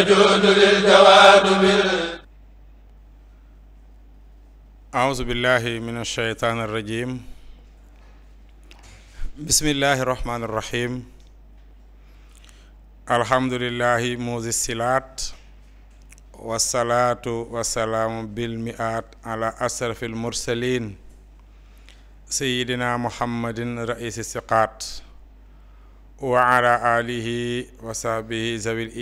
يجود للجواد أعوذ بالله من الشيطان الرجيم بسم الله الرحمن الرحيم الحمد لله موزي السلات والصلاة والسلام بالمئات على أشرف المرسلين سيدنا محمد رئيس الثقات wa alihi wa sahbihi zawil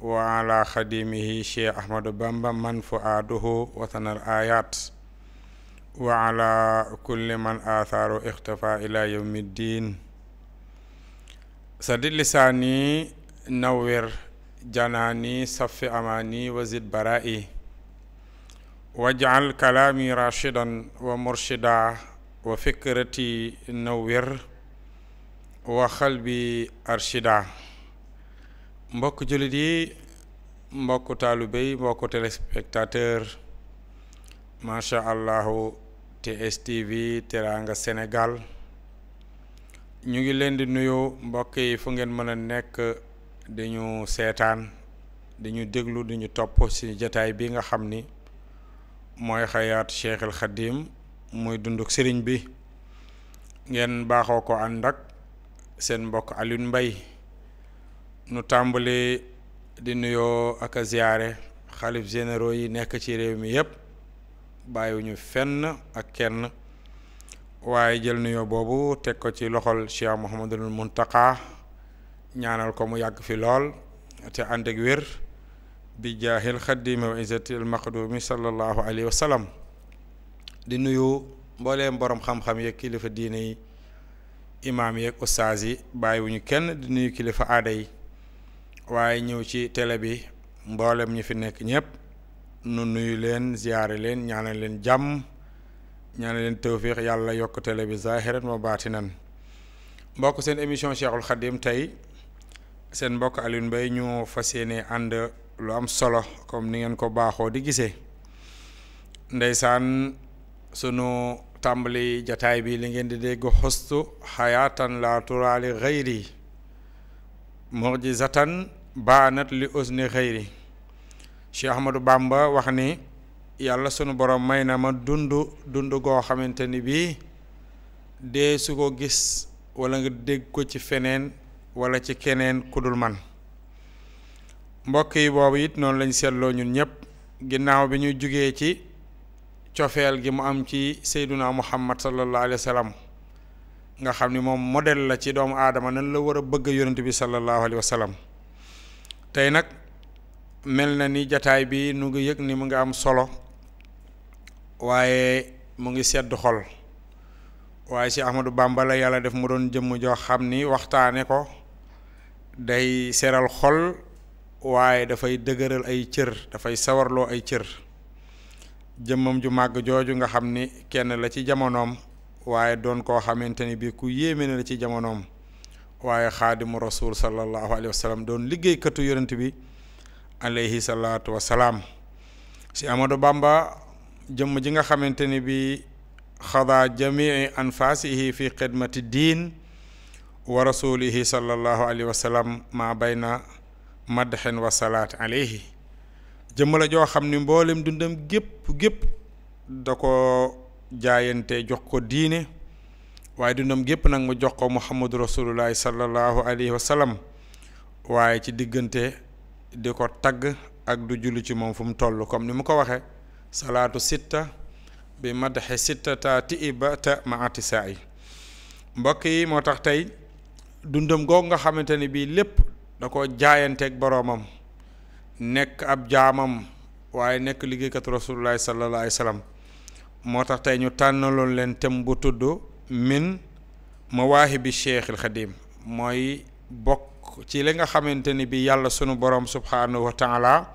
wa ala xadimihi cheikh ahmadou bamba man fuaaduhu watanar ayat wa ala kulli man athaaru ixtafa ila yawmi ddin sadid lisaani nawwir janaani safi amaani wa zid baraa'i waj'al kalaami rashidan wa murshida wa fikrati nawwir wa bi arshida mbokk jullit yi mbokk taalibe yi mbokk téléspectateur macha allahu TSTV Teranga Sénégal ñu ngi leen di nuyu mbokk yi fu ngeen mën a nekk dañu seetaan dañu déglu dañu topp ci jataay bi nga xam ni mooy xayaat Cheikh El Khadim muy dunduk sëriñ bi ngeen baaxoo ko ànd ak seen mbokk Alioune mbay nu tàmbali di nuyoo ak a ziyaare xalif généraux yi nekk ci réew mi yépp bàyyiwuñu fenn ak kenn waaye jël nuyoo boobu teg ko ci loxol Cheikh Mouhamadul Mountakha ñaanal ko mu yàgg fi lool ca ànd ak wér bi jaahil xaddimi wa izzatil maqdumi sallallahu alayhi wa sallam di nuyu mbooleem boroom xam-xam yeeg kilifa diine yi imaam yeeg ustaas yi bàyyiwuñu kenn di nuyu kilifa aada yi waaye ñëw ci tele bi mboolem ñu fi nekk ñëpp nu nuyu leen ziyaare leen ñaanal leen jàmm ñaanal leen tawfiix yàlla yokk télé bi zahiran wa baatinan mbokk seen émission Cheikhul Khadim tey seen mbokk Alioune Mbaye ñu fas yéene ànd lu am solo comme ni ngeen ko baaxoo di gisee ndeysaan sunu tàmbali jataay bii li ngeen di dégg xustu xayaatan la turaali xayri murjizatan baanat li usni xayri Cheikh Ahmadou Bamba wax ni yàlla sunu borom may na ma dund dund goo xamante ni bii dee su ko gis wala nga dégg ko ci feneen wala ci keneen ku man mbokk yi boobu it noonu lañ seetloo ñun ñëpp ginnaaw bi ñu jugee ci cofeel gi mu am ci seyduna muhammad sallallahu alayhi wa sallam nga xam ni moom model la ci doomu aadama nan la war a bëgg yonent bi sallallahu alayhi wa sallam tey nag mel na ni jataay bi nu ngi yëg ni mu ngi am solo waaye mu ngi sedd xol waaye si Ahmadou Bamba la yàlla def mu doon jëmm joo xam ni waxtaane ko day seral xol waaye dafay dëgëral ay cër dafay sawarloo ay cër jëmmam ju màgg jooju nga xam ni kenn la ci jamonoom waaye doon koo xamante ni bi ku yéeme na la ci jamonoom waaye xaadimu rasul sallallahu alayhi wa doon liggéeykatu yonent bi alayhi salaatu wa salaam si Amadou Bamba jëmm ji nga xamante ni bi xadaa jamii anfaasihi fi xidmati diin wa rasulihi sallallahu alayhi wa sallam bayna madxin wa salaat alayhi jëmm joo xam ni mboolem dundam gépp gépp da ko jaayante jox ko diine waaye dundam gépp nag mu jox ko muhammadu rasulullahi sallallahu alayhi wa sallam waaye ci diggante di ko tagg ak du julli ci moom fu mu toll comme ni mu ko waxee salaatu sitta bi madaxe sitta ta ti iba ta maati yi mbokk yi moo tax tey dundam googu nga xamante ni bii lépp da ko jaayanteek boroomam nekk ab jaamam waaye nekk liggéeykat rasulullahi sallallahu moo tax tey ñu tànnaloon leen thème bu tudd min mawaahibi cheikhil xadim mooy bokk ci li nga xamante ni bi yàlla sunu borom subhanahu wa taala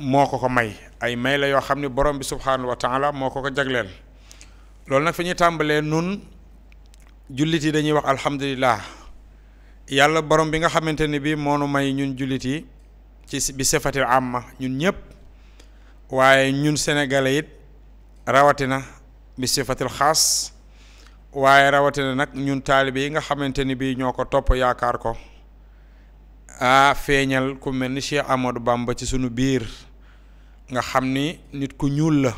moo ko ko may ay may la yoo xam ne borom bi subhanahu wa moo ko ko jagleel loolu nag fi ñuy tàmbalee nun jullit yi dañuy wax alhamdulilah yàlla borom bi nga xamante ni bi moonu may ñun jullit yi ci bi sifati amma ñun ñëpp waaye ñun sénégalais yit rawatina bi sifatil xas waaye rawatina nag ñun taalibe yi nga xamante ni bii ñoo ko topp yaakaar ko a feeñal ku mel ni Cheikh Amadou Bamba ci sunu biir nga xam ni nit ku ñuul la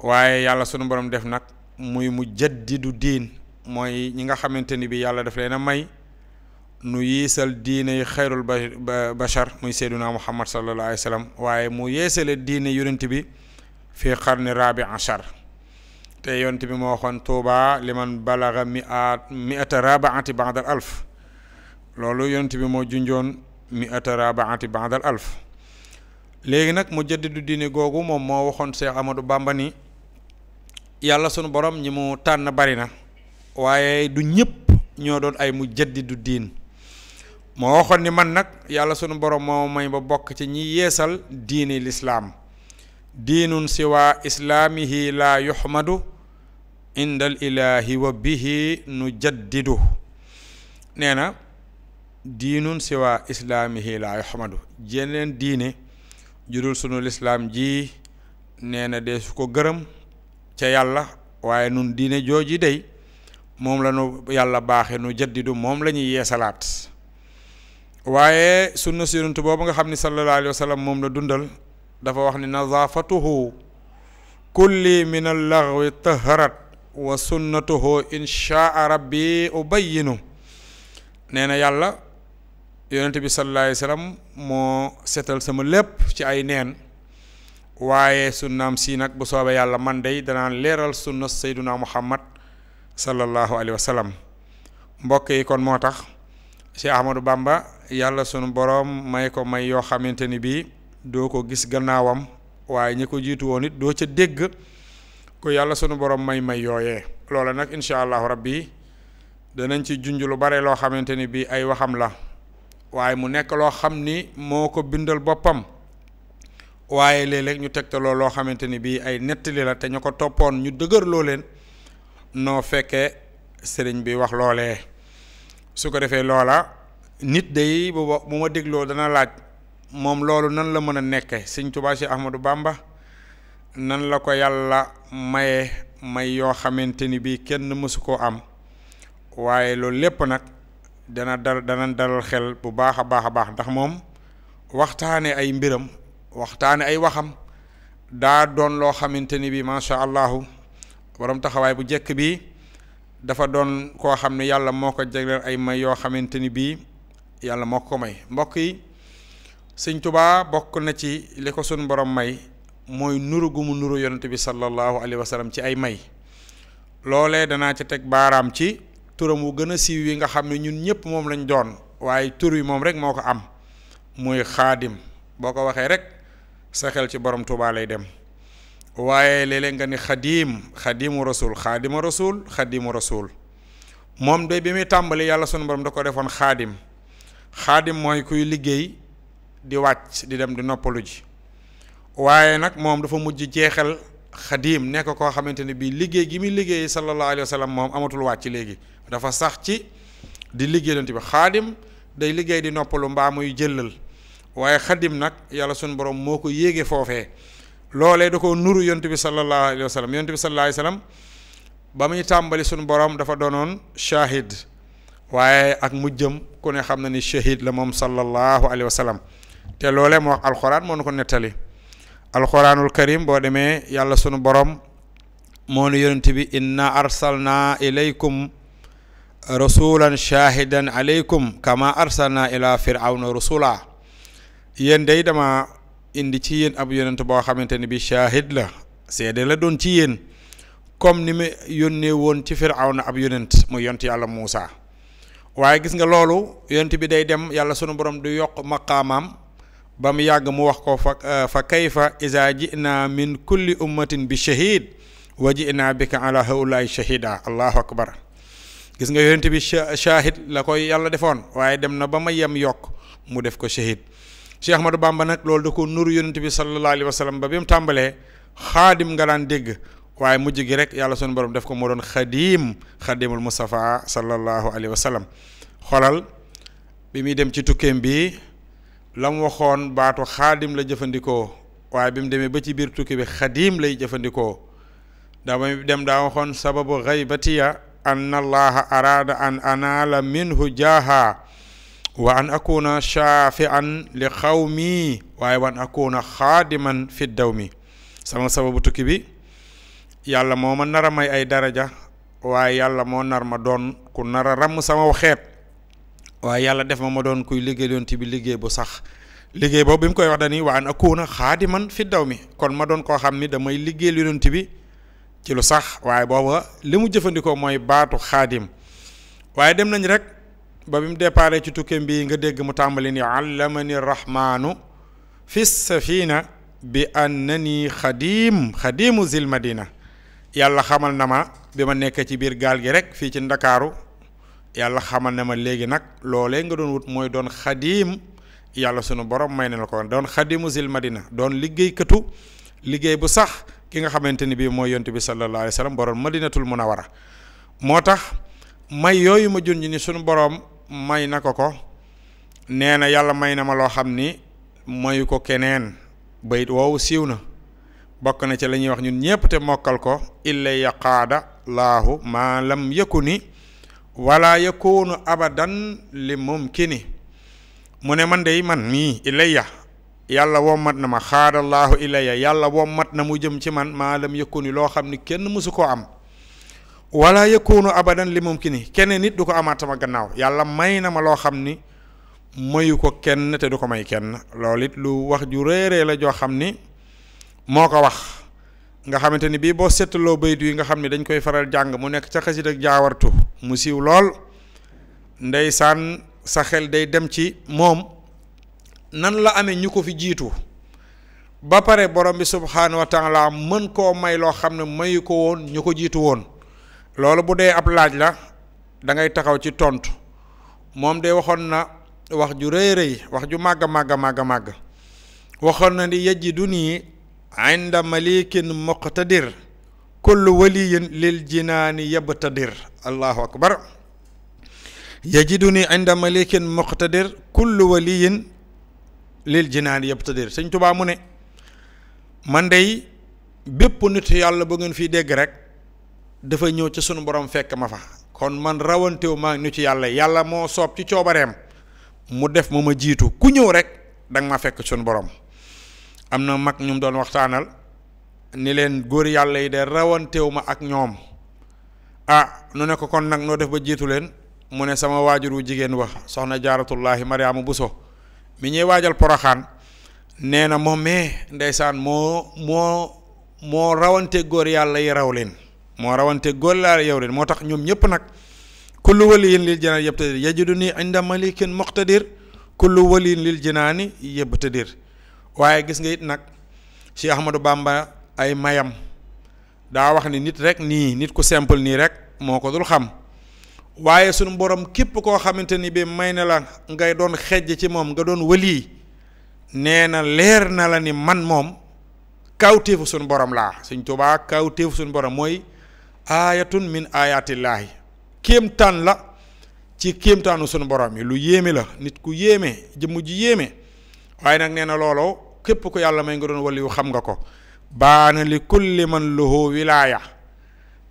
waaye yàlla sunu borom def nag muy mu du diin mooy ñi nga xamante ni bii yàlla def leen a may nu yiisal diine yi xayrul bashar muy seyduna muhammad sallallahu waaye mu yeesale diine yonent bi fi fii xarni raabi achar te yonent bi moo waxoon tuuba liman balaga miat miata rabaati baadal alf loolu yonent bi moo junjoon miata rabaati baadal alf léegi nag mu jaddidu diine googu moom moo waxoon Cheikh Amadou Bamba ni yàlla sunu borom ñi mu tànn bari na waaye du ñëpp ñoo doon ay mu jaddidu diin moo waxoon ni man nag yàlla sunu borom moo may ba bokk ci ñi yeesal diini lislaam diinun siwa islaamihi laa yuhmadu indal ilaahi wa bihi nu jaddidu nee na diinun siwaa islaamihi laa yuhmadu jeneen diine judul sunu lislaam ji nee na dee su ko gërëm ca yàlla waaye nun diine jooji dey moom la yàlla baaxe nu jaddidu moom la yeesalaat waaye sunna si yonent boobu nga xam ni sallallahu alayhi moom la dundal dafa wax ni nazaafatuhu kulli min allaghwi taharat wa sunnatuhu inchaa rabbi ubayinu nee na yàlla yonent bi sallallahu alayhi wa sallam moo setal sama lépp ci ay neen waaye sunnaam sii nag bu soobee yàlla man dey danaan leeral sunna sayduna muhammad sallallahu alayhi mbokk yi kon moo tax Cheikh Ahmadou Bamba yàlla sunu boroom may ko may yoo xamante ni bii doo ko gis gannaawam waaye ñi ko jiitu woon it doo ca dégg ko yàlla sunu boroom may may yooyee loola nag incha allahu rabbi danañ ci junj lu bare loo xamante ni bii ay waxam la waaye mu nekk loo xam ni moo ko bindal boppam waaye léeg ñu tegtaloo loo xamante ni bii ay nettali la te ñu ko toppoon ñu dëgër loo leen noo fekkee sëriñ bi wax loolee su ko defee loola nit day bu bu ma dégloo dana laaj moom loolu nan la mën a nekke sëñ Tuubaa si Ahmadou Bamba nan la ko yàlla maye may yoo xamante ni bii kenn mësu koo am waaye loolu lépp nag dana dal dana dalal xel bu baax a baax a baax ndax moom waxtaane ay mbiram waxtaane ay waxam daa doon loo xamante ni bii macha allahu borom taxawaay bu njëkk bi dafa doon koo xam ne yàlla moo ko jagleel ay may yoo xamante ni bii yàlla moo ko may mbokk yi sëñ tubaa bokk na ci li ko suñ borom may mooy nuru gu mu nuru yonent bi sallallahu alayhi wa ci ay may loole danaa ca teg baaraam ci turam wu gën a siiw yi nga xam ne ñun ñëpp moom lañ doon waaye tur yi moom rek moo ko am muy xaadim boo ko waxee rek sa xel ci borom tubaa lay dem waaye léeg-léeg nga ni xadim xadimu rasul xaadimu rasul xadimu rasul moom de bi muy tàmbali yàlla sunu borom da ko defoon xaadim xaadim mooy kuy liggéey di wàcc di dem di noppalu ji waaye nag moom dafa mujj jeexel xadim nekk koo xamante ne bii liggéey gi muy liggéey sallallahu alayhi moom amatul wàcc léegi dafa sax ci di liggéey donte bi xaadim day liggéey di noppalu mbaa muy jëllal waaye xadim nag yàlla suñ borom moo ko yéege foofe loolee da ko nuru yonte bi sallallahu alayhi wa sallam yonte bi sallallahu alayhi ba muy tàmbali sunu borom dafa doonoon shahid waaye ak mujjëm ku ne xam na ni shahid la moom sallallahu alayhi wa te loole moo wax alxuraan moo nu ko nettali alxuraanul karim boo demee yàlla sunu borom moo nu yonent bi inna arsalna ilaykum rasulan shahidan alaykum kama arsalna ila firawna rasula yéen day dama indi ci yéen ab yonent boo xamante ni bi shahid la seede la doon ci yéen comme ni mu yónnee woon ci firawna ab yonent mu yont yàlla Muusa waaye gis nga loolu yonent bi day dem yàlla sunu borom du yokk maqaamaam ba mu yàgg mu wax ko fa euh, fa kayfa iza ji'na min kulli ummatin bi shahid wa ji'na bika ala haulaay shahida allahu akbar gis nga yonent bi shahid la koy yàlla defoon waaye dem na ba ma yem yokk mu def ko shahid Cheikh Ahmadou Bamba nag loolu da ko nuru yonent bi sallallahu alayhi wa ba mu tàmbalee xaadim nga daan dégg waaye mujj gi rek yàlla sunu borom def ko moo doon xadim xadimul Mustafa sallallahu alayhi wa sallam xolal bi muy dem ci tukkeem bi la waxoon baatu xaadim la jëfandikoo waaye bi mu demee ba ci biir tukki bi xadim lay jëfandikoo dama dem daa waxoon sababu xaybatiya an allaha araada an anaala minhu jaaha wa an akuna shaafian li xawmi waaye wa an akuna xaadiman fi mi sama sababu tukki bi yàlla moo ma nar a may ay daraja waaye yàlla moo nar ma doon ku nar a ràmm sama xeet waaye yàlla def ma ma doon kuy liggéey yonent bi liggéey bu sax liggéey boobu bi mu koy wax dani waan akuuna xaadiman fi daw mi kon ma doon koo xam ni damay liggéey yonent bi ci lu sax waaye booba li mu jëfandikoo mooy baatu xaadim waaye dem nañ rek ba bi mu départ ci tukkeem bi nga dégg mu tàmbali ni allamani rahmaanu fi safina bi annani xadim xadimu zil madina yàlla xamal na ma bi ma nekk ci biir gaal gi rek fii ci ndakaaru yàlla xamal na ma léegi nag loolee nga doon wut mooy doon xadiim yàlla sunu borom may na la ko doon xadimu zil madina doon liggéeykatu liggéey bu sax ki nga xamante ni bii mooy yontu bi sallallahu alayhi wa sallam borom madinatul munawara moo tax may yooyu ma junj ni sunu borom may na ko ko nee na yàlla may na ma loo xam ni mayu ko keneen bayit woowu siiw na. bokk na ci la ñuy wax ñun ñépp te mokkal ko illa yaqaada laahu maa lam yakuni wala yakunu abadan li ni mu ne man dey man mii ilayya yàlla wommat na ma xaada xaadallaahu ilayya yàlla wommat na mu jëm ci man maa lam ni loo xam ni kenn mësu koo am wala yakunu abadan li ni kenn nit du ko amaat sama gannaaw yàlla may na ma loo xam ni mayu ko kenn te du ko may kenn loolu lu wax ju réeree la joo xam ni moo ko wax nga xamante ni bii boo seetloo baytu yi nga xam ne dañ koy faral jàng mu nekk ca xasit ak jaawartu mu siiw lool ndeysaan sa xel day dem ci moom nan la amee ñu ko fi jiitu ba pare borom bi subhaanahu wa la mën koo may loo xam ne mayu ko woon ñu ko jiitu woon loolu bu dee ab laaj la dangay taxaw ci tontu moom de waxoon na wax ju rëy rëy wax ju màgg màgg màgg màgg waxoon na ni yejji du nii inda malikin muqtadir kullu waliyin lil jinaani yabtadir allahu akbar yajiduni inda malikin muqtadir kullu waliyin lil jinaani yabtadir sëñ tubaa mu ne man dey bépp nit yàlla bu ngeen fiy dégg rek dafa ñëw ca sunu borom fekk ma fa kon man rawantewu maa ngi nit yàlla yàlla moo soob ci coobareem mu def ma ma jiitu ku ñëw rek danga ma fekk sunu borom am na mag ñum doon waxtaanal ni leen góor yàlla yi de rawanteewu ma ak ñoom ah nu ne ko kon nag noo def ba jiitu leen mu ne sama waajur wu jigéen wax soxna jaaratullahi mariama buso mi ñuy waajal poroxaan nee na moom mais ndeysaan moo moo moo rawante góor yàlla yi raw leen moo rawante góor laa yow leen moo tax ñoom ñëpp nag kullu waliyin lil janaani yëpp tëdir yajidu nii inda malikin muqtadir kullu waliyin lil janaani yëpp tëdir waaye gis nga it nag Cheikh Ahmadou bàmba ay mayam daa wax ni nit rek nii nit ku simple nii rek moo ko dul xam waaye sunu boroom képp koo xamante ni bi may na la ngay doon xejj ci moom nga doon wëlii nee na leer na la ni man moom kawtéefu sunu borom laa Sëñ Tuubaa kawtéefu sunu borom mooy aayatun min aayatillaahi kéemtaan la ci kéemtaanu sunu borom yi lu yéeme la nit ku yéeme jëmm ji yéeme waaye nag nee na looloo képp ko yàlla may nga doon waliyu xam nga ko baana li kulli man lahu wilaaya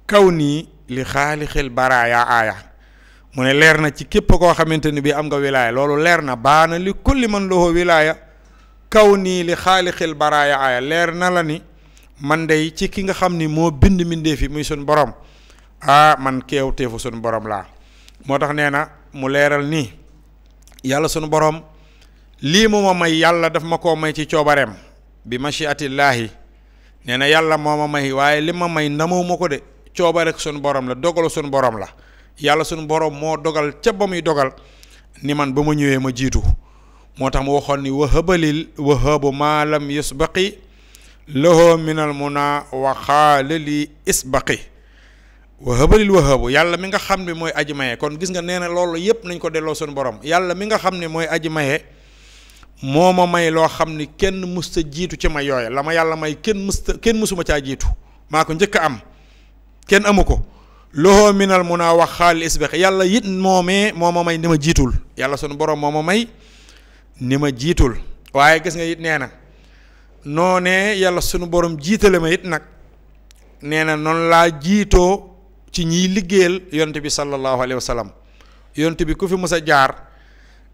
kaw nii li xaalixil baraaya mu ne leer na ci képp koo xamante ni bii am nga wilaaya loolu leer na baana li kulli man lahu wilaaya kaw nii li xaali xaalixil baraaya aaya leer na la ni man dey ci ki nga xam ni moo bind mbindee fi muy suñ borom ah man keew teefu suñ borom laa moo tax nee na mu leeral nii yàlla suñu borom lii mu ma may yàlla daf ma ko may ci coobareem bi machiatillaahi nee na yàlla moo ma may waaye li ma may namoo ma ko de coobare ak sunu la dogalu sunu boroom la yàlla sunu boroom moo dogal ca ba muy dogal ni man ba ma ñëwee ma jiitu moo tax mu waxoon ni wahabalil wahabu maa lam yusbaqi lahu minal muna wa xaalali isbaqi wahabalil wahabu yàlla mi nga xam ni mooy aji maye kon gis nga nee na loolu yépp nañ ko delloo sunu borom yàlla mi nga xam ne mooy aji maye moo ma may loo xam ni kenn sa jiitu ci ma yooya la ma yàlla may kenn musta kenn musuma caa jiitu maa ko njëkk am kenn amu ko loxoo minal mun a wax xaal isbex yàlla it moomee moo ma may ni ma jiitul yàlla sunu borom moo ma may ni ma jiitul waaye gis nga it nee na noonee yàlla sunu borom jiitale ma nag nee na noonu laa jiitoo ci ñiy liggéeyal yont bi sallallahu alayhi wa sallam bi ku fi mës a jaar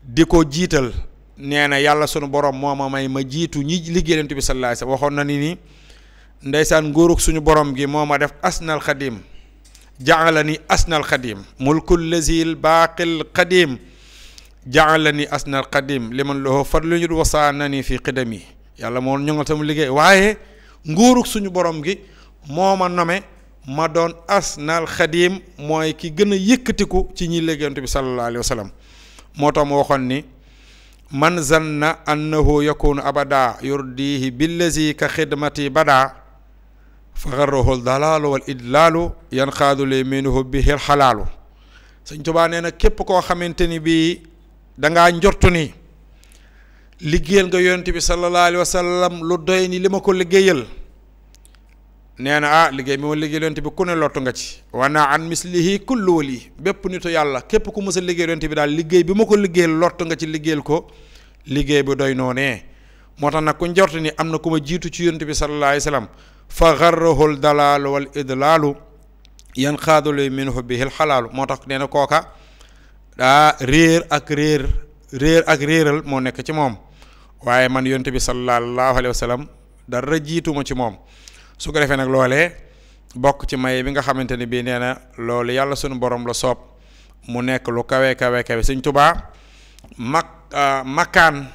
di ko jiital nee na yàlla suñu borom moo ma may ma jiitu ñi liggéey Yonent bi sallallahu alayhi waxoon na ni nii ndeysaan nguurug suñu borom gi moo ma def asnal xadim jaalani asnal xadim mulkul lazil baaqil qadim jaalani asnal xadim liman lahu fadlu ñu wasaanani fi yàlla moo ñoŋal sama liggéey waaye nguurug suñu borom gi moo ma nome ma doon asnal xadim mooy ki gën a yëkkatiku ci ñi liggéey Yonent bi sallallahu alayhi moo tax ma waxoon ni man zanna annahu yakunu abada yurdihi billazi ka xidmati bada fa garrahu dalaalu wal idlaalu yanqaadu li minhu bihi alxalaalu sëñ Tuubaa nee na képp koo xamante ni bii dangaa njortu ni liggéeyal nga yonent bi sallallahu alayhi wa lu doy ni li ma ko liggéeyal nee na ah liggéey bi ma liggéey yonent bi ku ne lottu nga ci wana an mislihi kullu wali bépp nitu yàlla képp ku mës a liggéey yonent bi daal liggéey bi ma ko liggéey lottu nga ci liggéeyal ko liggéey bi doy noonee moo tax nag ku njort ni am na ku ma jiitu ci yonent bi sallallahu alayhi wasallam fa garrahul dalaalu wal idlaalu yan xaadulu minhu bihil xalaalu moo tax nee na kooka daa réer ak réer réer ak réeral moo nekk ci moom waaye man yonent bi sallallahu alayhi wasallam dara jiituma ci moom su ko defee nag loolee bokk ci may bi nga xamante ni bii nee na loolu yàlla sunu boroom la soob mu nekk lu kawe kawe kawe sëñ tubaa mak ah, makkaan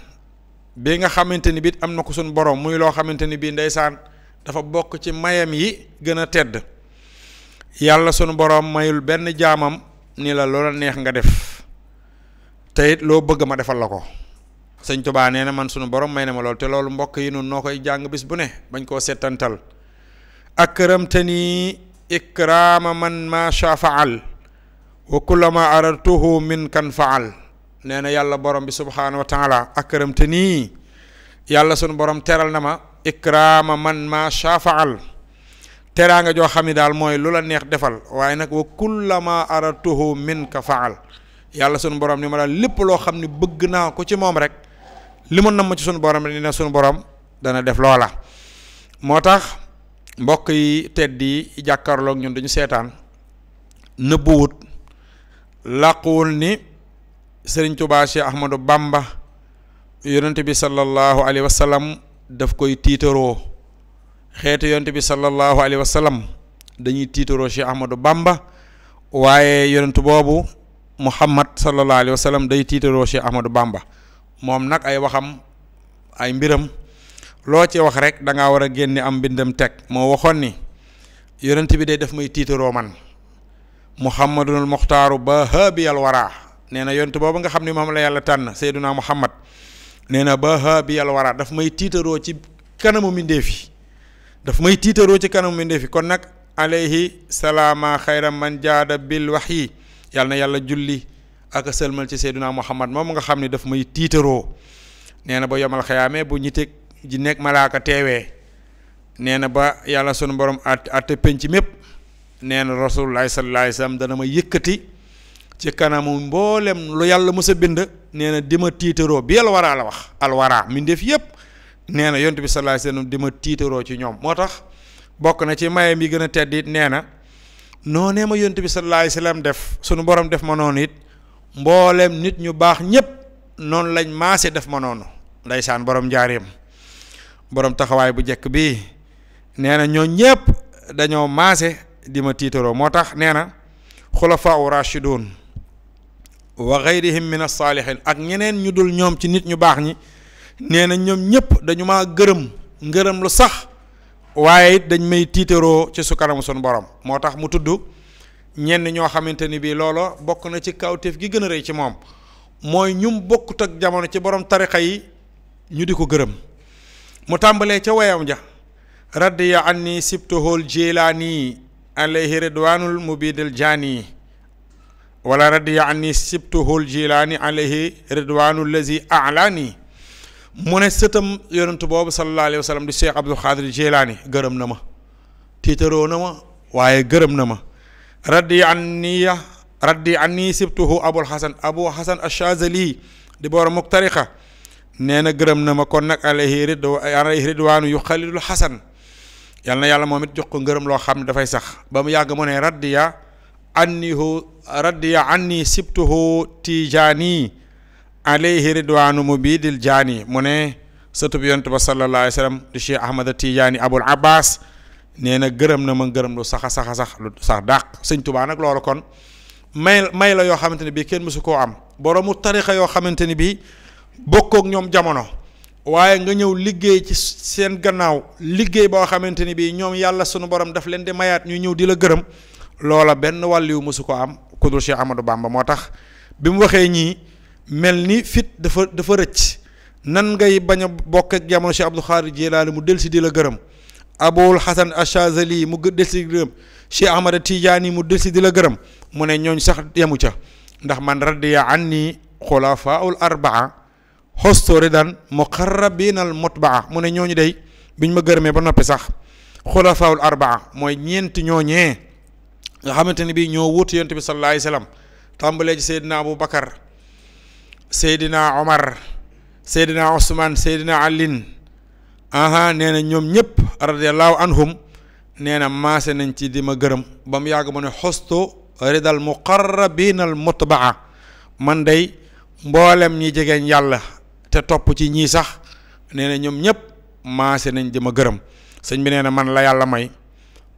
bi nga xamante ni bii am na ko sunu boroom muy loo xamante ni bii ndeysaan dafa bokk ci mayam yi gën a tedd yàlla sunu borom mayul benn jaamam ni la loola neex nga def te it loo bëgg ma defal la ko. sëñ tubaa nee na man sunu borom may na ma lool te loolu mbokk yi noonu noo koy jàng bis bu ne bañ koo settantal akramtani ikraama man macha faal wa kullama aradtuhu min kan faal nee na yàlla borom bi subhaanahu wa taala akramtani yàlla sunu borom teral na ma ikraama man macha faal teraa nga joo xam ne daal mooy lu la neex defal waaye nag wa kullama aradtuhu min ka faal yàlla sun borom ni ma daal lépp loo xam ne bëgg naa ko ci moom rek li mu nam ma ci sunu borom rek sunu borom dana def loola moo tax mbokk yi tedd yi jàkkaarloog ñun duñu seetaan nëbbuwut làquwul ni sëriñ Tuubaa Cheikh Ahmadou Bamba yonent bi sallallahu alayhi wa sallam daf koy tiitaroo xeetu yonent bi sallallahu alayhi wa dañuy tiitaroo Cheikh Ahmadou Bamba waaye yonent boobu Muhammad sallallahu alayhi wa day tiitaroo Cheikh Ahmadou Bamba moom nag ay waxam ay mbiram loo ci wax rek da war a génne am bindam teg moo waxoon ni yonent bi day def may tiitaroo man muhammadunul muxtaaru ba haabiyal waraa nee na yonent boobu nga xam ni moom la yàlla tànn seyduna muhammad nee na ba haabiyal waraa daf may tiitaroo ci kanamu mindeefi daf may tiitaroo ci kanamu mindeefi kon nag alayhi salaama xayra man jaada bil wax yi yàlla na yàlla julli ak sëlmal ci seyduna muhammad moom nga xam ne dafa may tiitaroo nee na ba yomal xayaame bu ñi teg ji nekk ko teewee nee na ba yàlla sunu borom at atte penc mépp nee na rasulullahi sallallahu alayhi wasallam dana ma yëkkati ci kanamu mboolem lu yàlla mu sa bind nee na di ma tiitaroo bi alwara la wax alwara min def yëpp nee na yontu bi sallallahu alayhi di ma tiitaroo ci ñoom moo tax bokk na ci mayam yi gën a tedd it nee na noonee ma yontu bi sallallahu alayhi wasallam def sunu borom def ma noonu it mboolem nit ñu baax ñëpp noonu lañ maase def ma noonu ndeysaan borom njaareem borom taxawaay bu njëkk bii nee na ñoo ñépp dañoo maase di ma tiitaroo moo tax nee na xulafaau rachidun wa gayrihim min as-saalihin ak ñeneen ñu dul ñoom ci nit ñu baax ñi nee na ñoom ñépp dañu ma gërëm ngërëm lu sax waaye it dañ may tiitaroo ci su kanamu sun borom moo tax mu tudd ñenn ñoo xamante ni bii loolo bokk na ci kawteef gi gën a rey ci moom mooy ñum bokkut ak jamono ci borom tarixa yi ñu di ko gërëm mu tàmbalee ca wayam ja radiya anni sibtuhul jilaani alayhi ridwanul mubidil jaani wala radiya anni sibtuhul jilaani alayhi ridwanul lazi alaani mu ne sëtam yonentu boobu sallallahu alayhi wa di cheikh abdul xaadir jilaani gërëm na ma tiitaroo na waaye gërëm na ma radiya anniya radiya sibtuhu abul xasan abu xasan achazali di borom muk nee na gërëm na ma kon nag alayhi ridwa alayhi ridwaanu yu xalilul xasan yal na yàlla moom it jox ko ngërëm loo xam ne dafay sax ba mu yàgg mu ne raddiya annihu raddiya anni sibtuhu tijaani alayhi ridwaanu mubidil jaani mu ne sëtub yonent ba sallallahu alayhi wa sallam di cheikh ahmada tijaani abul abbas nee na gërëm na ma gërëm lu sax a sax a sax lu sax dàq sëñ tubaa nag loolu kon may may la yoo xamante ne bii kenn mësu koo am boroomu tarixa yoo xamante ni bokkook ñoom jamono waaye nga ñëw liggéey ci seen gannaaw liggéey boo xamante ni bii ñoom yàlla sunu borom daf leen di mayaat ñuy ñëw di la gërëm loola benn wàlliwu mosu ko am ku dul Cheikh Amadou Bamba moo tax bi mu waxee ñii mel ni fit dafa dafa rëcc nan ngay bañ a bokk ak jamono Cheikh Abdou Khadir Jilaani mu delsi di la gërëm Abul Hasan Achazali mu delsi di la gërëm Cheikh Ahmad mu delsi di la gërëm mu ne ñooñ sax yemu ca ndax man radiya anni xulafaaul arbaa hostore daan muqarrabina al mutbaa mu ne ñooñu day biñ ma gërëmee ba noppi sax xulafaul arbaa mooy ñeenti ñooñee nga xamante ne bii ñoo wuutu yonent bi sallallahu alayhi wasallam tàmbalee ci seydina abou bakar seydina omar seydina ousmane seydina alin aha nee na ñoom ñëpp radiallahu anhum nee na maase nañ ci di ma gërëm ba mu yàgg mu ne xosto ridal muqarrabin al mutbaa man day mboolem ñi jegeeñ yàlla te topp ci ñii sax nee na ñoom ñëpp maase nañ di ma gërëm sëñ bi nee na man la yàlla may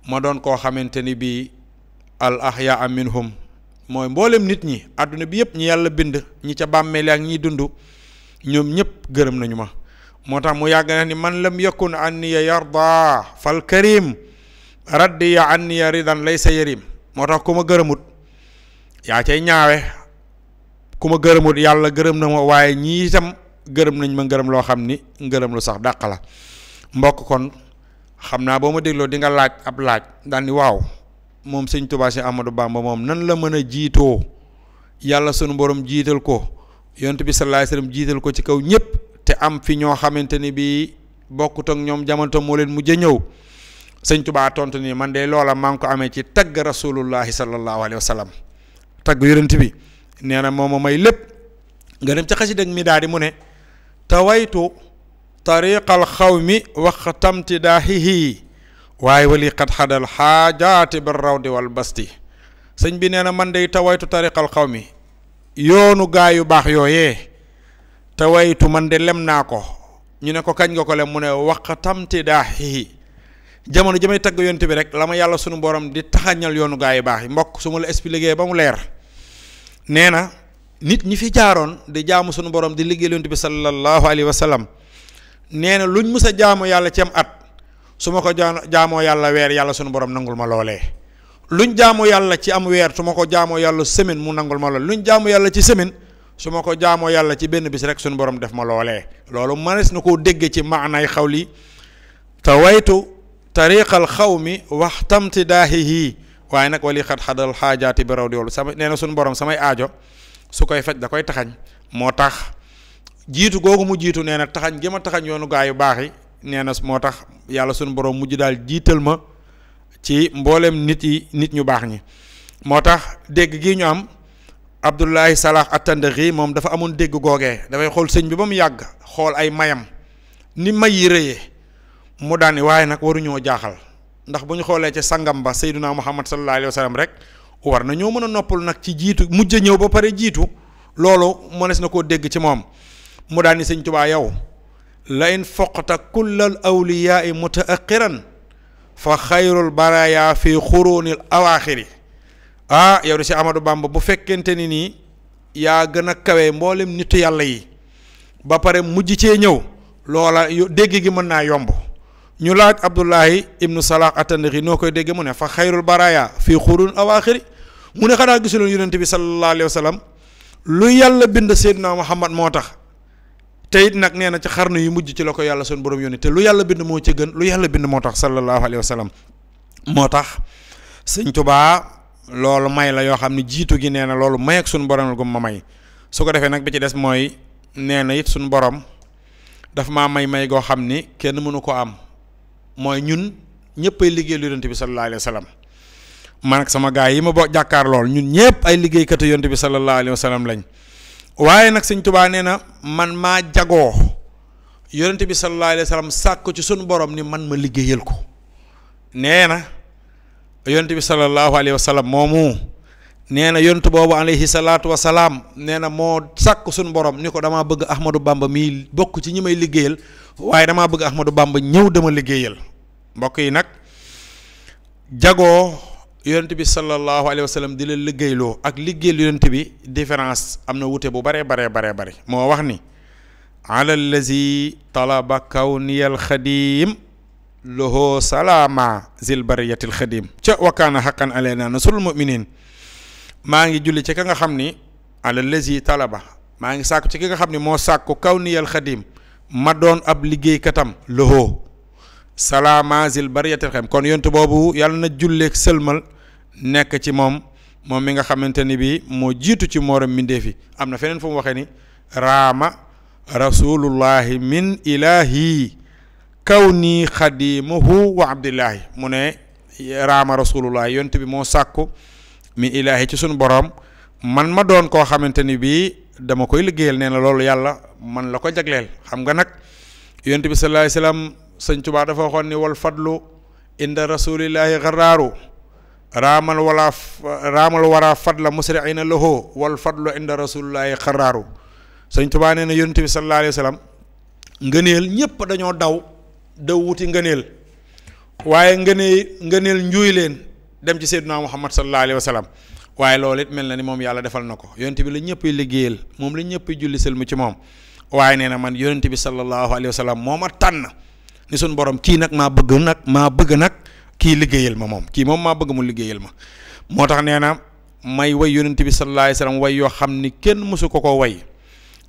ma doon koo xamante ni bii al ahyaa minhum mooy mboolem nit ñi àdduna bi yëpp ñi yàlla bind ñi ca bàmmeel ak ñii dund ñoom ñëpp gërëm nañu ma moo tax mu yàgg na ni man lam yakun anniya yarda fal karim raddiya anniya ridan laysa yarim moo tax ku ma gërëmut yaa cay ñaawe ku ma gërëmut yàlla gërëm na ma waaye ñii itam gërëm nañ ma ngërëm loo xam ni ngërëm lu sax dàq la mbokk kon xam naa boo ma dégloo di nga laaj ab laaj daal ni waaw moom sëñ Tuubaa si baam Bamba moom nan la mën a jiitoo yàlla sunu mboroom jiital ko yonent bi sallallahu alayhi wasallam jiital ko ci kaw ñëpp am fi ñoo xamante ni bii bokkut ak ñoom jamono moo leen mujj a ñëw sëñ Tuubaa ni man de loola maa ko amee ci tagg rasulullahi sallallahu alayhi wasallam tagg yonent bi nee na moom may lépp nga dem ca xasida mi daal mu ne. tawaytu tariqal xawmi waxtamtidaahihi waaye wali qad xadal xaajaati ba rawdi wal basti sëñ bi nee na man day tawaytu xaw mi yoonu gaa yu baax yooyee tawaytu man de lem naa ko ñu ne ko kañ nga ko lem mu ne waxtamtidaahihi jamono jamay tagg yonte bi rek la ma yàlla sunu borom di taxañal yoonu gaa yu baax yi mbokk su ma la expliqué ba mu leer nee nit ñi fi jaaroon di jaamu sunu borom di liggéey Yonent bi sallallahu alayhi wa sallam nee na luñ mës a jaamu yàlla ci am at su ma ko jaamoo yàlla weer yàlla sunu borom nangul ma loole luñ jaamu yàlla ci am weer su ma ko jaamoo yàlla semaine mu nangul ma loolee luñ jaamu yàlla ci semaine su ma ko jaamoo yàlla ci benn bis rek sunu borom def ma loole loolu mënees na koo déggee ci maanaay xaw li tawaytu tariqal xaw mi wax tamti daahi yii waaye nag wali xat xadal xaajaati bi raw di wolu sama nee na sunu borom samay aajo su koy faj da koy taxañ moo tax jiitu googu mu jiitu nee na taxañ gi ma taxañ yoonu gaa yu baax yi nee na moo tax yàlla sunu boroom mujj daal jiital ma ci mboolem nit yi nit ñu baax ñi moo tax dégg gii ñu am Abdullahi Salah At-Tandaxi moom dafa amoon dégg googee dafay xool sëñ bi ba mu yàgg xool ay mayam ni may yi reyee mu daani waaye nag waruñoo jaaxal ndax bu ñu xoolee ca sangam ba sayyiduna Muhammad sallallahu alayhi wa sallam rek war na ñoo mën a noppul nag ci jiitu mujj ñëw ba pare jiitu loolu mënees na koo dégg ci moom mu daan ni sëñ tubaa yow la in foqta kullal awliyaai mutaaxiran fa xayrul baraya fi xuróonil awaaxiri ah yow di si Amadou bàmb bu fekkente ni nii yaa gën a kawe mboolem nitu yàlla yi ba pare mujj cee ñëw loola dégg gi mën naa yomb ñu laaj Abdullahi ibnu Salah Atandari noo koy dégg mu ne fa xayrul baraya fii xurun awaaxiri mu ne xanaa gisuloon yonente bi sallallahu alayhi wa lu yàlla bind Seydina Muhammad moo tax te nag nee na ci xarnu yu mujj ci la ko yàlla borom yónni te lu yàlla bind moo ci gën lu yàlla bind moo tax sallallahu alayhi wa sallam moo tax sëñ Tubaa loolu may la yoo xam ne jiitu gi nee na loolu may ak sunu borom gu ma may su ko defee nag bi ci des mooy nee na it sunu borom dafa maa may may goo xam ni kenn mënu ko am. mooy ñun ñëpp ay liggéey lu yonent bi sallallahu alayhi wa sallam man ak sama gaa yi ma boo jàkkaar lool ñun ñëpp ay liggéeykatu yonent bi sallallahu alayhi wa sallam lañ waaye nag sëñ Tuubaa nee na man maa jagoo yonent bi sallallahu alayhi wa sallam sàkk ci sunu boroom ni man ma liggéeyal ko nee na yonent bi sallallahu alayhi wa moomu. nee na yontu boobu alayhi salaatu wa salaam nee na moo sàkk suñu borom ni ko dama bëgg Ahmadou Bamba mii bokk ci ñi may liggéeyal waaye damaa bëgg Ahmadou Bamba ñëw dama liggéeyal mbokk yi nag jagoo yonent bi sallallahu alayhi wa sallam di la liggéeyloo ak liggéeyal yonent bi différence am na wute bu bare bare bare bare moo wax ni ala allazi talaba kawniyal xadim lohoo salaama zil bariyatil xadim ca maa ngi julli ci ka nga xam ni ala lazi talaba maa ngi sàkku ci ki nga xam ni moo sàkku kaw niyal xadim ma doon ab liggéeykatam lohoo salaamazil bariyatil xam kon yontu boobu yàlla na julleeg sëlmal nekk ci moom moom mi nga xamante ni bi moo jiitu ci mooram mbindeef yi am na feneen fu mu waxee ni raama rasulullahi min ilahi kaw ni xadimuhu wa abdillahi mu ne raama rasulullahi yontu bi moo sàkku mi ilaahi ci sunu boroom man ma doon koo xamante ni bii dama koy liggéeyal nee na loolu yàlla man la ko jagleel xam nga nag yonent bi sallallahu alayhi wal fadlu inda rasulillahi garaaru raamal wala raamal wara fadla musri'ina lahu wal fadlu inda rasulillahi garaaru sëñ nee na yonent bi sallallahu alayhi wasallam ngëneel ñépp dañoo daw daw wuti ngëneel waaye ngëneel ngëneel njuuy leen dem ci Seydina Muhammad sallallahu alayhi wa sallam waaye lool it mel na ni moom yàlla defal na ko yonent bi la ñëpp liggéeyal moom la ñëpp julli sëlmu ci moom waaye nee na man yonent bi sallallahu alayhi wa sallam moo ma tànn ni suñu borom kii nag maa bëgg nag maa bëgg nag kii liggéeyal ma moom kii moom maa bëgg mu liggéeyal ma moo tax nee na may way yonent bi sallallahu alayhi wa way yoo xam ni kenn mësu ko koo way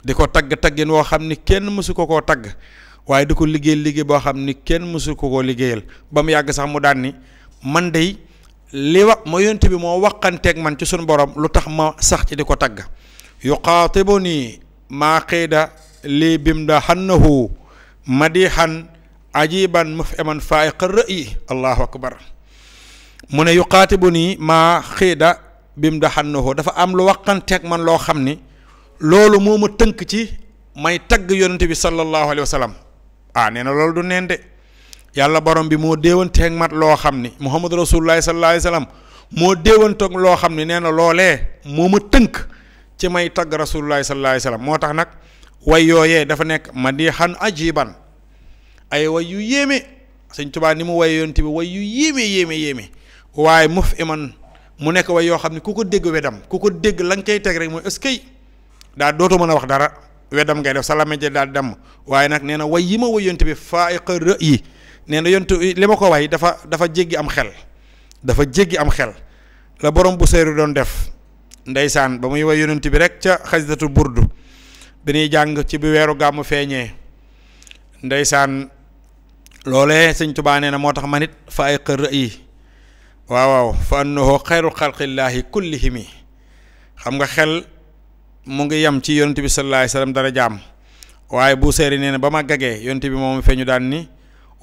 di ko tagg taggin woo xam ni kenn mësu ko koo tagg waaye di ko liggéeyal liggéey boo xam ni kenn mësu ko koo liggéeyal ba mu yàgg sax mu daan ni man dey li wa ma yonte bi moo waqanteeg man ci sunu boroom lu tax ma sax ci di ko tagg yuqaatibu nii maa qiida lii bim da xannahu madihan ajiban mufhiman faayiqa ra'yi allahu akbar mu ne yuqaatibu nii maa xiida bim da xannahu dafa am lu waqanteeg man loo xam ni loolu moo ma tënk ci may tagg yonente bi sallallahu alayhi wa sallam ah, nee na loolu du neen de yàlla borom bi moo déewanteeg mat loo xam ni muhammadu rasulullahi sallallahu alayhi wasallam moo déewanteeg loo xam ni nee na loolee moo ma tënk ci may tagg rasulullahi sallallahu alayhi moo tax nag way yooyee dafa nekk madixan ajiban ay way yu yéeme sëñ Tuubaa ni mu way yoonte bi way yu yéeme yéeme yéeme waaye muf iman mu nekk way yoo xam ne ku ko dégg wedam ku ko dégg la nga koy teg rek mooy ëskay daa dootu mën a wax dara wedam ngay def sa làmmiñ daal dem waaye nag nee na way yi ma way yoonte bi faa iqa rë yi nee na yontu li ma ko way dafa dafa jéggi am xel dafa jéggi am xel la borom bu seeru doon def ndeysaan ba muy way yonent bi rek ca xasdatu burdu bi ñuy jàng ci bi weeru gàmm feeñee ndeysaan loolee sëñ tubaa na moo tax manit fa ay xër yi waaw waaw fa annahu xayru xalqillaahi kullihimi xam nga xel mu ngi yem ci yonent bi sallallahu alayhi wasallam dara jaam waaye bu seeri nee na ba ma gagee yonent bi moom feeñu daan ni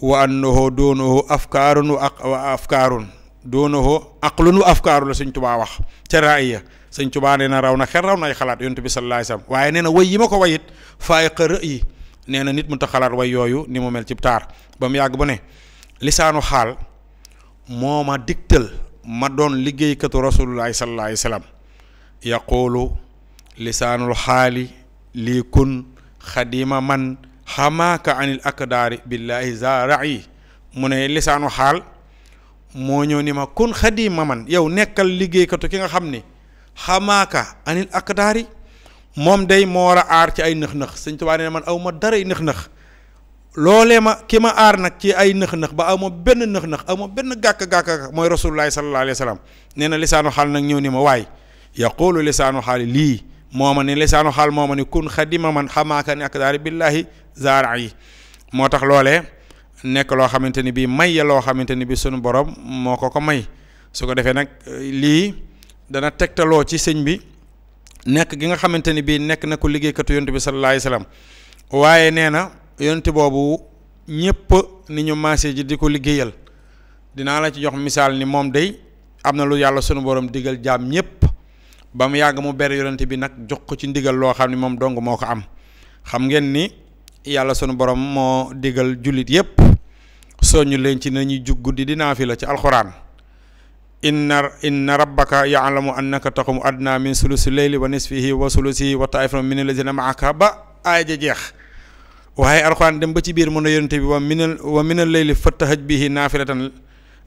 waa annahu doonahu afkaarun wa afkaarun doonahu aqlun wa afkaaru la sëñ tubaa wax ca raaya sëñ tubaa nee na raw na xel raw nay xalaat yontu bi sallallahu wa waaye nee na yi ma ko wayit faayiqa ra'yi nee na nit mu ta xalaat way yooyu ni mu mel ci taar ba mu yàgg bu ne lisaanu xaal moo ma digtal ma doon liggéeykatu rasulullahi sallallahu alayhi lisaanul xaali lii kun xadima man xamaaka anil akdaari billahi za rayi mu ne lisaanu xaal moo ñëw ni ma kun xadima man yow nekkal liggéeykatu ki nga xam ni xamaaka anil akdaari moom day moo war a aar ci ay nëx-nëx sëñ Tuubaa nee man aw ma daray nëx-nëx loolee ma ki ma aar nag ci ay nëx-nëx ba aw ma benn nëx-nëx aw ma benn gàkk-gàkk mooy rasulullahi sallallahu alayhi wa sallam nee na lisaanu xaal nag ñëw ni ma waay yaqulu lisaanu xaal lii moo ma ni lisaanu xaal moo ma ni kun xadima man xamaaka anil akdaari zaraa yi moo tax loole nekk loo xamante ni bii may ya loo xamante ni bii sunu borom moo ko ko may su ko defee nag eh, lii dana tegtaloo ci sëñ bi nekk gi nga xamante ni bii nekk na ko liggéeykatu yonent bi sallallahu alayhi wasallam waaye nee na yonent boobu ñëpp ni ñu maasee ji di ko liggéeyal dinaa la ci jox misaal ni moom day am na lu yàlla sunu borom digal jaam ñëpp ba mu yàgg mu ber yonent bi nag jox ko ci ndigal loo xam ni moom dong moo ko am xam ngeen ni. yàlla sunu borom moo digal jullit yépp soñu leen ci nañuy jug guddi di naafila ci alxuraan inna inna rabbaka yaalamu annaka taqumu adna min sulusi leyli wa nisfihi wa sulusihi wa taifatun min allazina maaka ba aaya jeex waaye alxuraan dem ba ci biir mën a yonente bi wa minal wa minal leyli fattahaj bihi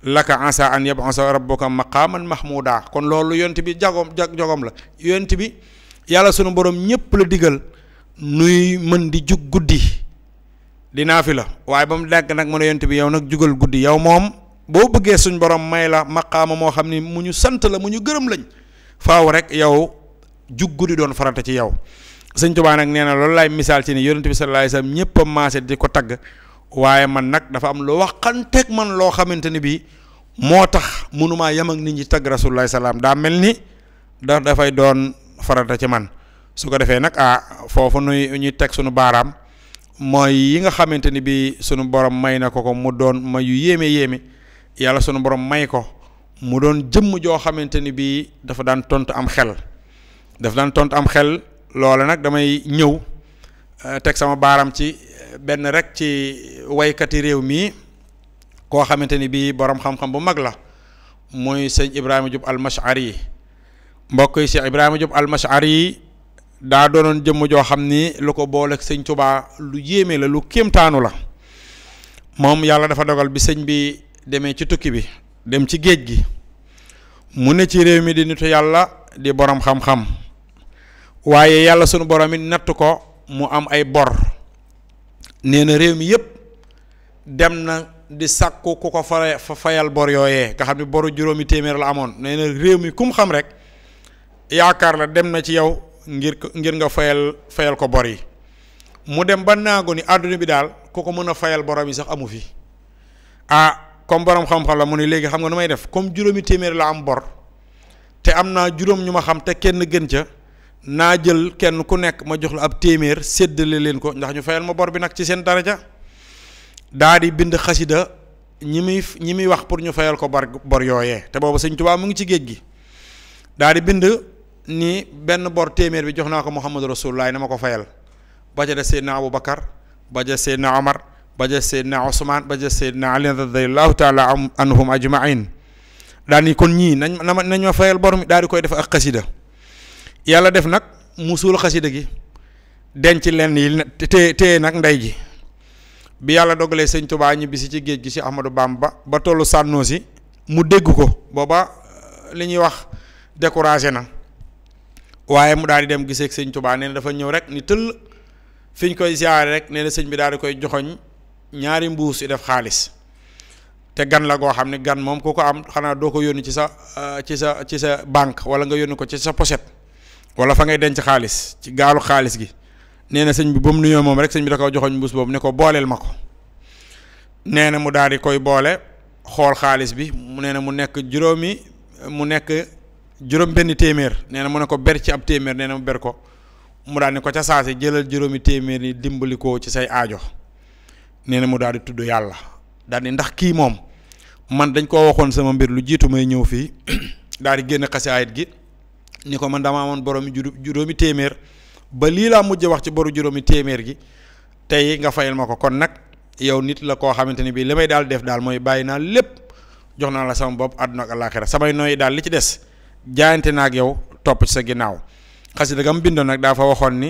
laka ansa an yabasa rabbuka maqaaman mahmuda kon loolu yonente bi jagoom jag jogom la yonente bi yàlla sunu borom ñépp la digal nuy mën di jug guddi dinaa fi la waaye ba mu dàgg nag mën a yonte bi yow nag jugal guddi yow moom boo bëggee suñ borom may la maqaama moo xam ni mu ñu sant la mu ñu gërëm lañ faaw rek yow jug guddi doon farata ci yow sëñ Tuubaa nag nee na loolu laay misaal ci ni yonente bi sallallahu alayhi wasallam ñëpp a maase di ko tagg waaye man nag dafa am lu waxanteeg man loo xamante ni bii moo tax mënumaa yem ak nit ñi tagg rasulullahi salaam daa mel ni da dafay doon farata ci man su ko defee nag ah foofu nuy ñuy teg suñu baaraam mooy yi nga xamante ni bi sunu borom may na ko ko mu doon ma yu yéeme yéeme yàlla suñu borom may ko mu doon jëmm joo xamante ni bi dafa daan tontu am xel dafa daan tontu am xel loole nag damay ñëw eh, teg sama baaraam ci benn rek ci waykati réew mii koo xamante ni bi boroom xam-xam bu mag la muy sëñ Ibrahima jub al Mash'ari yi mbokk yi Cheikh Ibrahima Diop al Mash'ari daa doonoon jëmm joo xam ni lu ko booleeg sëñ Tuubaa lu yéeme la lu kéemtaanu la moom yàlla dafa dogal bi sëñ bi demee ci tukki bi dem ci géej gi mu ne ci réew mi di nitu yàlla di borom xam-xam waaye yàlla sunu borom it natt ko mu am ay bor nee na réew mi yëpp dem na di sàkku ku ko fa fayal bor yooyee nga xam ne boru juróomi téeméer la amoon nee réew mi kum xam rek yaakaar la dem na ci yow. ngir ngir nga fayal fayal ko bor yi mu dem ba naago ni àdduna bi daal ku ko mën a fayal borom yi sax amu fi ah comme borom xam-xam la mu ne léegi xam nga nu may def comme juróomi téeméer la am bor te am naa juróom ñu ma xam te kenn gën ca naa jël kenn ku nekk ma jox la ab téeméer séddale leen ko ndax ñu fayal ma bor bi nag ci seen daraja daa di bind xasida ñi muy ñi muy wax pour ñu fayal ko bor bor yooyee te boobu sëñ Tuubaa mu ngi ci géej gi nii benn bor téeméer bi jox naa ko Muhammadu Rasulullah na ma ko fayal ba ca des Seydina Aboubacar ba ca Seydina Omar ba ca Seydina Ousmane ba ca Seydina Ali radiyallahu taala anhum ajmain daal ni kon ñii nañ ma nañ ma fayal bor mi daal def ak xasida def nag musul xasida gi leen yi té téye nag ndey ji bi yàlla dogalee sëñ Tuubaa ñibbisi ci géej gi si Ahmadou baam ba ba tollu sànnoo si mu dégg ko booba li ñuy wax découragé na waaye mu daal di dem gisee ak sëñ Tuubaa nee dafa ñëw rek ni tëll fi ñu koy ziare rek nee na sëñ bi daal di koy joxoñ ñaari mbuus yu def xaalis te gan la goo xam ne gan moom ku ko am xanaa doo ko yónni ci sa euh, ci sa ci sa banque wala nga yónni ko ci sa pochette wala fa ngay denc xaalis ci gaalu xaalis gi nee na sëñ bi ba mu nuyoo moom rek sëñ bi da ko joxoñ mbuus boobu ne ko booleel ma ko nee na mu daal di koy boole xool xaalis bi mu nee na mu nekk juróomi mu nekk. juróom benn téeméer nee na mu ne ko ber ci ab téeméer nee na mu ber ko mu daal ni ko ca saasi jëlal juróomi téeméer yi dimbali ko ci say aajo nee na mu daal di tudd yàlla daal di ndax kii moom man dañ koo waxoon sama mbir lu jiitu may ñëw fii daal di génn xasaayit gi ni ko man dama amoon borom juróomi téeméer ba lii laa mujj wax ci boru juróomi téeméer gi tey nga fayal ma ko kon nag yow nit la koo xamante ni bii li may daal def daal mooy bàyyi naa lépp jox naa la sama bopp àdduna ak àllaaxira samay nooyi daal li ci des. jaayante na ak yow topp ci sa ginnaaw xasida gam bindoon nag daa fa waxoon ni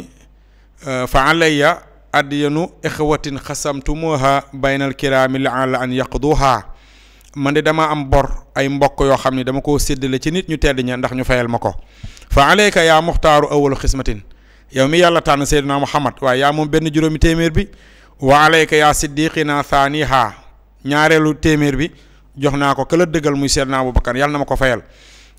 euh, fa alayya adyanu ixwatin xasamtumuha baynal kiraami laala an yaqduha ma ne dama am bor ay mbokk yoo xam ne dama koo séddale ci nit ñu tedd ña ndax ñu fayal ma ko fa alayka yaa muxtaaru awalu xismatin yow mi yàlla tànn seyduna muhammad waaye yaa moom benn juróomi téeméer bi wa alayka yaa siddiqina thaniha ñaareelu téeméer bi jox naa ko këla dëggal muy seyduna abubakar yàlla na ma ko fayal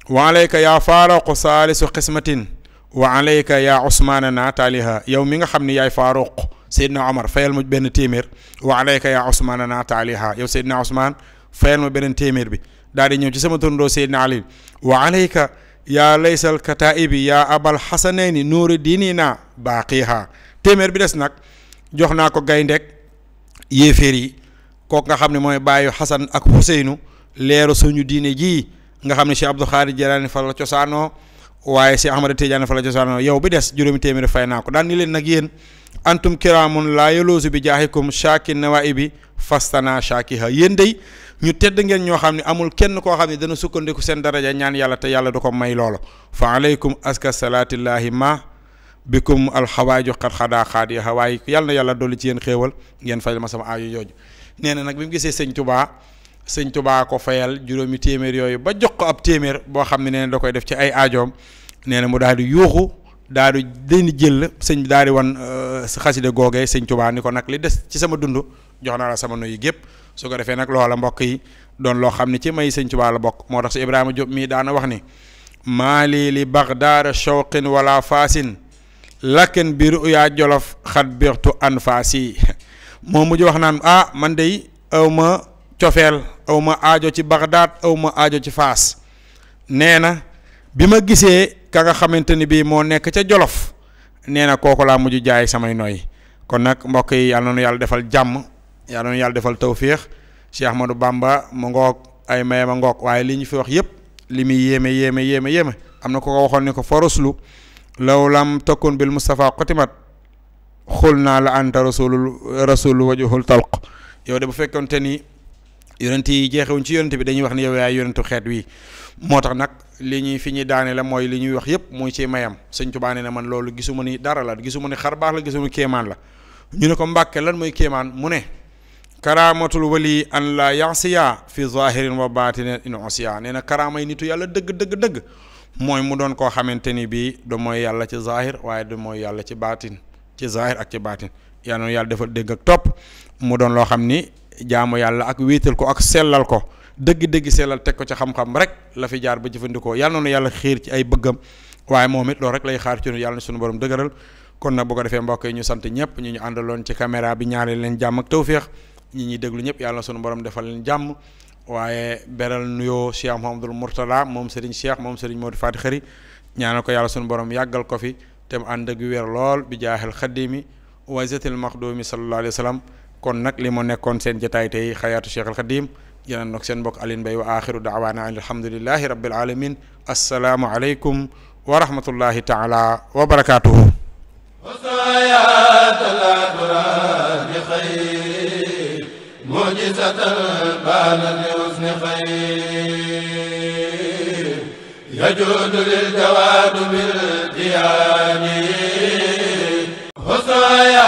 wa alayka yaa faaruqu saalisu qismatin wa alayka yaa usmaana naataaliha yow mi nga xam ne yay faaruq Seydina Omar fayal ma benn téeméer wa alayka yaa usmaana naataaliha yow Seydina Ousmane fayal ma beneen téeméer bi daal ñëw ci sama turndoo Seydina Ali wa alayka yaa laysal kataibi yaa abal xasanayni nuuri diinina baaqiha téeméer bi des nag jox naa ko gayndeek yéeféer yi kooku nga xam ne mooy bàyyi xasan ak xuseynu leeru suñu diine jii nga xam ne Cheikh Abdou Khadre Jilaani fa la cosaanoo waaye Cheikh Ahmada Tidiane fa la yow bi des juróomi téeméer fay naa ko daan ni leen nag yéen antum kiraamun laa yaloosu bi jaahikum shaaki nawaayi bi fastana shaakiha yéen day ñu tedd ngeen ñoo xam ne amul kenn koo xam ne dana sukkandiku seen daraja ñaan yàlla te yàlla du ko may loolo fa aleykum aska salaatillahi ma bikum alxawaaju xat xadaa xaadiha waaye yàlla na yàlla dolli ci yéen xéewal ngeen fayal ma sama aayu jooju nee na nag bi mu gisee sëñ Tubaa sëñ tubaa ko fayal juróomi téeméer yooyu ba jox ko ab téeméer boo xam ne nee da koy def ci ay aajoom nee na mu daal di yuuxu daal di leen jël sëñ daal di wan euh, xaside googee sëñ tubaa ni ko nag li des ci sama dund jox naa la sama nuyu gépp su ko defee nag loola mbokk yi doon loo xam ne ci may sëñ tubaa la bokk moo tax si Ibrahima mii daana wax ni maali li bagdaara shawqin wala faasin lakin bi ruyaa jolof xat birtu an faasi moom mujj wax naan a ah, man dey awma cofeel aw ma aajo ci Bagdad aw ma aajo ci Faas nee na bi ma gisee ka nga xamante ni bii moo nekk ca Jolof nee na kooku laa mujj jaay samay noy kon nag mbokk yi yàlla yàlla defal jàmm yàlla na yàlla defal tawféex Cheikh du Bamba mu ngoog ay mayam ma ngoog waaye li ñu fi wax yëpp li muy yéeme yéeme yéeme yéeme am na ko ko waxoon ni ko foroslu law lam takun bil Mustafa xotimat xul naa la anta rasulul rasul wajhul talq yow de bu fekkonte ni yonent yi jeexewuñ ci yonent bi dañuy wax ne yow yaay yonentu xeet wi moo tax nag li ñuy fi ñuy daanee la mooy li ñuy wax yëpp muy ci mayam sëñ Tuubaa nee na man loolu gisuma ni dara la gisuma ni xar baax la gisuma ni kéemaan la ñu ne ko mbàkke lan mooy kéemaan mu ne karaamatul wali an la yansiya fi zahirin wa batinin in onsiya nee na karaamay nitu yàlla dëgg dëgg dëgg mooy mu doon koo xamante ni bii du mooy yàlla ci zahir waaye du mooy yàlla ci baatin ci zahir ak ci baatin yaa noonu yàlla dafa dégg jaamu yàlla ak wéetal ko ak sellal ko dëgg-dëgg sellal teg ko ci xam-xam rek la fi jaar ba jëfandikoo yàlla noonu yàlla xiir ci ay bëggam waaye moom it lool rek lay xaar ci nu yàlla na suñu borom dëgëral kon nag bu ko defee mbokk ñu sant ñëpp ñu ñu àndaloon ci caméra bi ñaareel leen jàmm ak tawféex ñi ñuy déglu ñëpp yàlla suñu borom defal leen jàmm waaye beral nuyoo Cheikh Mouhamadul Mourtada moom Serigne Cheikh moom Serigne Modou Fati Xëri ñaanal ko yàlla suñu borom yàggal ko fi te mu ànd ak wér lool bi jaaxel xaddimi wa zatil maxdumi sallallahu alayhi wa sallam kon nag li mu nekkoon seen jotaay tey xayaatu Cheikh al Xadim yeneen nag seen mbokk Alioune Mbaye wa axiru daawaana an alhamdulillahi rabbil alamin assalaamu aleykum wa rahmatullahi taala wa barakaatuhu معجزة بان لحسن خير يجود للجواد بالديان حسايا